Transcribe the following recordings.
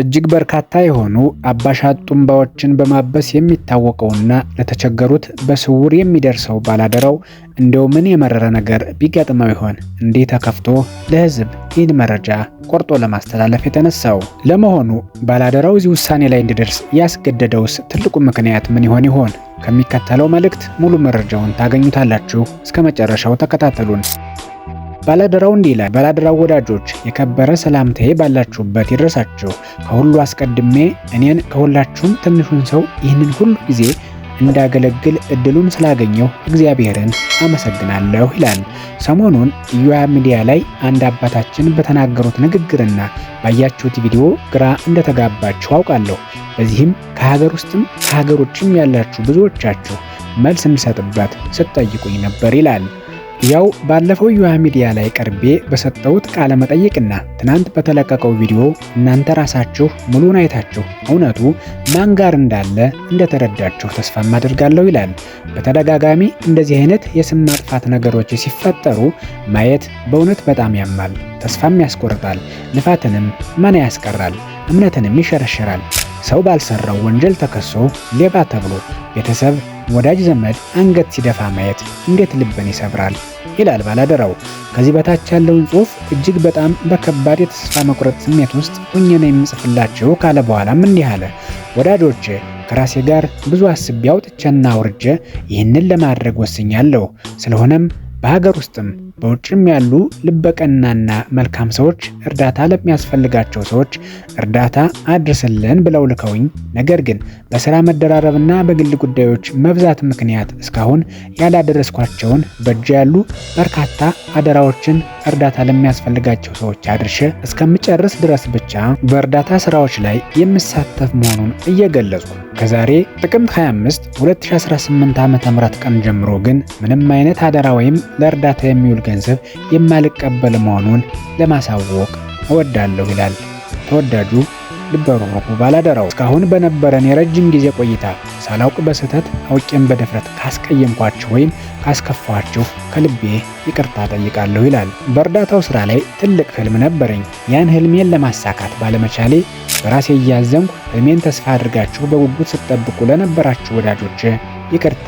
እጅግ በርካታ የሆኑ ጡምባዎችን በማበስ የሚታወቀውና ለተቸገሩት በስውር የሚደርሰው ባላደራው እንደው ምን የመረረ ነገር ቢገጥመው ይሆን እንዲህ ተከፍቶ ለሕዝብ ይህን መረጃ ቆርጦ ለማስተላለፍ የተነሳው? ለመሆኑ ባላደራው እዚህ ውሳኔ ላይ እንዲደርስ ያስገደደውስ ትልቁ ምክንያት ምን ይሆን ይሆን? ከሚከተለው መልእክት ሙሉ መረጃውን ታገኙታላችሁ። እስከ መጨረሻው ተከታተሉን። ባላደራው እንዲህ ይላል። ባላደራው ወዳጆች የከበረ ሰላምታዬ ባላችሁበት ይድረሳችሁ። ከሁሉ አስቀድሜ እኔን ከሁላችሁም ትንሹን ሰው ይህንን ሁሉ ጊዜ እንዳገለግል እድሉን ስላገኘው እግዚአብሔርን አመሰግናለሁ ይላል። ሰሞኑን ዩያ ሚዲያ ላይ አንድ አባታችን በተናገሩት ንግግርና ባያችሁት ቪዲዮ ግራ እንደተጋባችሁ አውቃለሁ። በዚህም ከሀገር ውስጥም ከሀገር ውጭም ያላችሁ ብዙዎቻችሁ መልስ እንድሰጥበት ስትጠይቁኝ ነበር ይላል። ያው ባለፈው ዩሃ ሚዲያ ላይ ቀርቤ በሰጠሁት ቃለ መጠይቅና ትናንት በተለቀቀው ቪዲዮ እናንተ ራሳችሁ ሙሉን አይታችሁ እውነቱ ማን ጋር እንዳለ እንደተረዳችሁ ተስፋም አድርጋለሁ ይላል። በተደጋጋሚ እንደዚህ አይነት የስም ማጥፋት ነገሮች ሲፈጠሩ ማየት በእውነት በጣም ያማል፣ ተስፋም ያስቆርጣል፣ ልፋትንም መና ያስቀራል፣ እምነትንም ይሸረሽራል። ሰው ባልሰራው ወንጀል ተከሶ ሌባ ተብሎ ቤተሰብ፣ ወዳጅ ዘመድ አንገት ሲደፋ ማየት እንዴት ልብን ይሰብራል ይላል ባላደራው። ከዚህ በታች ያለውን ጽሑፍ እጅግ በጣም በከባድ የተስፋ መቁረጥ ስሜት ውስጥ ሁኜ ነው የምጽፍላችሁ ካለ በኋላም እንዲህ አለ። ወዳጆቼ ከራሴ ጋር ብዙ አስቤ አውጥቼና አውርጄ ይህንን ለማድረግ ወስኛለሁ። ስለሆነም በሀገር ውስጥም በውጭም ያሉ ልበቀናና መልካም ሰዎች እርዳታ ለሚያስፈልጋቸው ሰዎች እርዳታ አድርስልን ብለው ልከውኝ፣ ነገር ግን በስራ መደራረብና በግል ጉዳዮች መብዛት ምክንያት እስካሁን ያላደረስኳቸውን በእጅ ያሉ በርካታ አደራዎችን እርዳታ ለሚያስፈልጋቸው ሰዎች አድርሼ እስከምጨርስ ድረስ ብቻ በእርዳታ ስራዎች ላይ የምሳተፍ መሆኑን እየገለጹ ከዛሬ ጥቅምት 25 2018 ዓ.ም ቀን ጀምሮ ግን ምንም አይነት አደራ ወይም ለእርዳታ የሚውል ገንዘብ የማልቀበል መሆኑን ለማሳወቅ እወዳለሁ ይላል ተወዳጁ ልበሩ ባላደራው እስካሁን በነበረን የረጅም ጊዜ ቆይታ ሳላውቅ በስህተት አውቄም በድፍረት ካስቀየምኳችሁ ወይም ካስከፋችሁ ከልቤ ይቅርታ ጠይቃለሁ ይላል። በእርዳታው ስራ ላይ ትልቅ ህልም ነበረኝ። ያን ህልሜን ለማሳካት ባለመቻሌ በራሴ እያዘንኩ ህልሜን ተስፋ አድርጋችሁ በጉጉት ስትጠብቁ ለነበራችሁ ወዳጆች ይቅርታ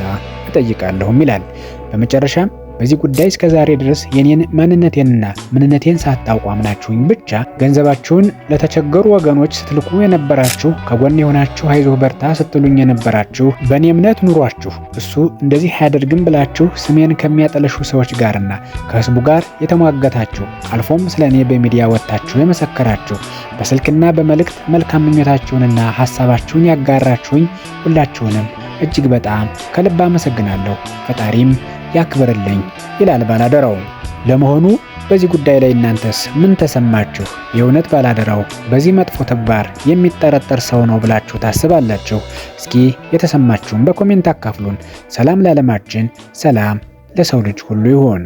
እጠይቃለሁም ይላል። በመጨረሻም በዚህ ጉዳይ እስከ ዛሬ ድረስ የኔን ማንነቴንና ምንነቴን ሳታውቁ አምናችሁኝ ብቻ ገንዘባችሁን ለተቸገሩ ወገኖች ስትልኩ የነበራችሁ፣ ከጎን የሆናችሁ አይዞህ በርታ ስትሉኝ የነበራችሁ፣ በእኔ እምነት ኑሯችሁ እሱ እንደዚህ አያደርግም ብላችሁ ስሜን ከሚያጠለሹ ሰዎች ጋርና ከህዝቡ ጋር የተሟገታችሁ፣ አልፎም ስለ እኔ በሚዲያ ወጥታችሁ የመሰከራችሁ፣ በስልክና በመልእክት መልካም ምኞታችሁንና ሀሳባችሁን ያጋራችሁኝ ሁላችሁንም እጅግ በጣም ከልብ አመሰግናለሁ። ፈጣሪም ያክብርልኝ ይላል ባላደራው። ለመሆኑ በዚህ ጉዳይ ላይ እናንተስ ምን ተሰማችሁ? የእውነት ባላደራው በዚህ መጥፎ ተግባር የሚጠረጠር ሰው ነው ብላችሁ ታስባላችሁ? እስኪ የተሰማችሁን በኮሜንት አካፍሉን። ሰላም ለዓለማችን፣ ሰላም ለሰው ልጅ ሁሉ ይሆን።